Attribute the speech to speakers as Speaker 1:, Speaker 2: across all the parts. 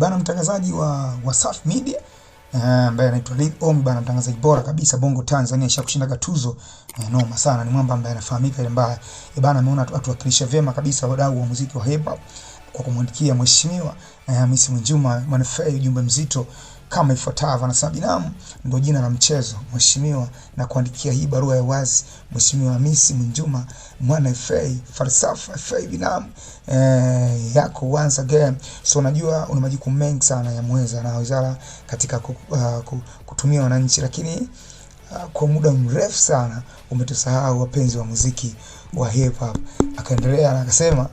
Speaker 1: Bana mtangazaji wa Wasafi Media eh, ambaye uh, anaitwa Lil Ommy bana, mtangazaji bora kabisa Bongo Tanzania, ashakushindaga tuzo uh, noma sana. Ni mwamba ambaye anafahamika ile mbaya eh, bana, ameona atuwakilisha vyema kabisa wadau wa muziki wa hip hop kwa kumwandikia mheshimiwa uh, Hamisi Mwinjuma ujumbe mzito kama ifuatavyo. Anasema binamu ndio jina la mchezo. Mheshimiwa, na kuandikia hii barua ya wazi Mheshimiwa Hamisi Mwinjuma mwana FA falsafa FA binamu eh, yako once again. So unajua una majukumu mengi sana ya mweza na wizara katika uh, kutumia wananchi, lakini uh, kwa muda mrefu sana umetusahau wapenzi wa muziki wa hip hop. Akaendelea na akasema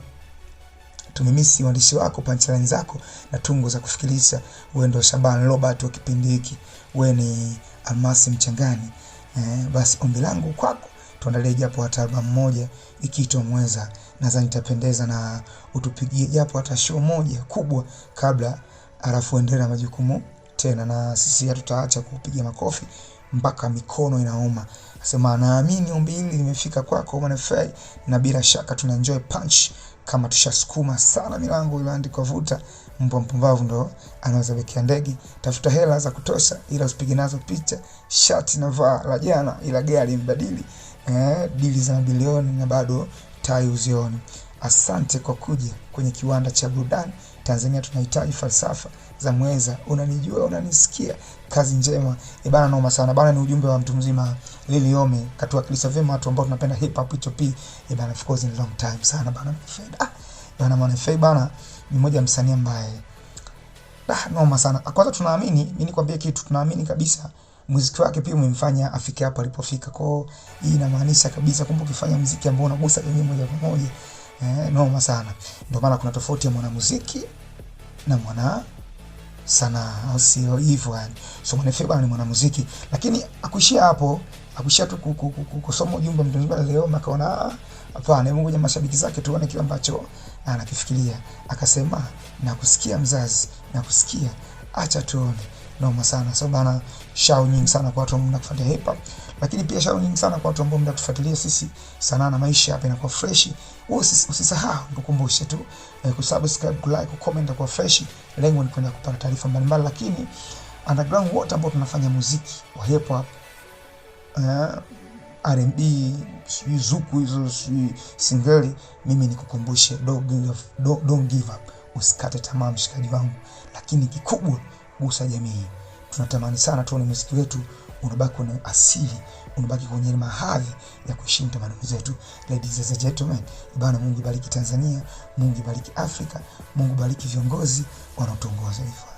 Speaker 1: Tumemisi mwandishi wako, punchline zako na tungo za kufikirisha. Wewe ndo Shaban Robert wa kipindi hiki, wewe ni Almasi Mchangani. Eh, basi ombi langu kwako tuandalie japo hata albamu moja ikiitwa Mweza, nadhani itapendeza, na utupigie japo hata show moja kubwa kabla, alafu endelea na majukumu tena, na sisi hatutaacha kupiga makofi mpaka mikono inauma. Nasema naamini ombi hili limefika kwako kwa na bila shaka tuna enjoy punch kama tushasukuma sana milango iliyoandikwa vuta. Mbwa mpumbavu ndo anaweza bekia ndege. Tafuta hela za kutosha, ila usipige nazo picha. Shati na vaa la jana, ila gari mbadili. Eh, dili za mabilioni na bado tai uzioni. Asante kwa kuja kwenye kiwanda cha burudani. Tanzania tunahitaji falsafa za Mweza. Unanijua, unanisikia, kazi njema. E bana, noma sana bana. Ni ujumbe wa mtu mzima Lily Ome, katuwakilisha vyema watu ambao tunapenda hip hop hicho pia. E eh bana, of course ni long time sana bana. Ah, bana mwana Fei bana ni mmoja msanii ambaye ah, noma sana. Ah, kwanza tunaamini, mimi nikwambie kitu, tunaamini kabisa muziki wake pia umemfanya afike hapo alipofika. Kwa hiyo hii inamaanisha kabisa, kumbe ukifanya muziki ambao unagusa jamii moja kwa moja eh, noma sana. Ndio maana kuna tofauti ya mwanamuziki na mwana sanaa, au sio hivyo? Yani so Mwanefeba ni mwanamuziki, lakini akuishia hapo, akuishia tu kusoma ujumbe mtu leo makaona Hapana, hebu ngoja mashabiki zake tuone kile ambacho anakifikiria. Akasema, nakusikia mzazi, nakusikia, acha tuone noma sana. So bana, shau nyingi sana kwa watu mnakufuatia hip hop, lakini pia shau nyingi sana kwa watu ambao mnakufuatilia sisi sanaa na maisha hapa inakuwa fresh. Usisahau nikukumbushe tu eh, kusubscribe, ku comment kwa fresh. Lengo ni kwenda kupata taarifa mbalimbali, lakini underground wote ambao tunafanya muziki wa hip hop uh, eh, R&B sijui zuku hizo sijui singeli, mimi nikukumbushe, don't give up, usikate tamaa mshikaji wangu, lakini kikubwa gusa jamii. Tunatamani sana tuone muziki wetu unabaki kwenye asili, unabaki kwenye mahadhi ya kuheshimu tamaduni zetu. Ladies and gentlemen, Bwana Mungu ibariki Tanzania, Mungu ibariki Afrika, Mungu bariki viongozi wanaotuongoza hivi.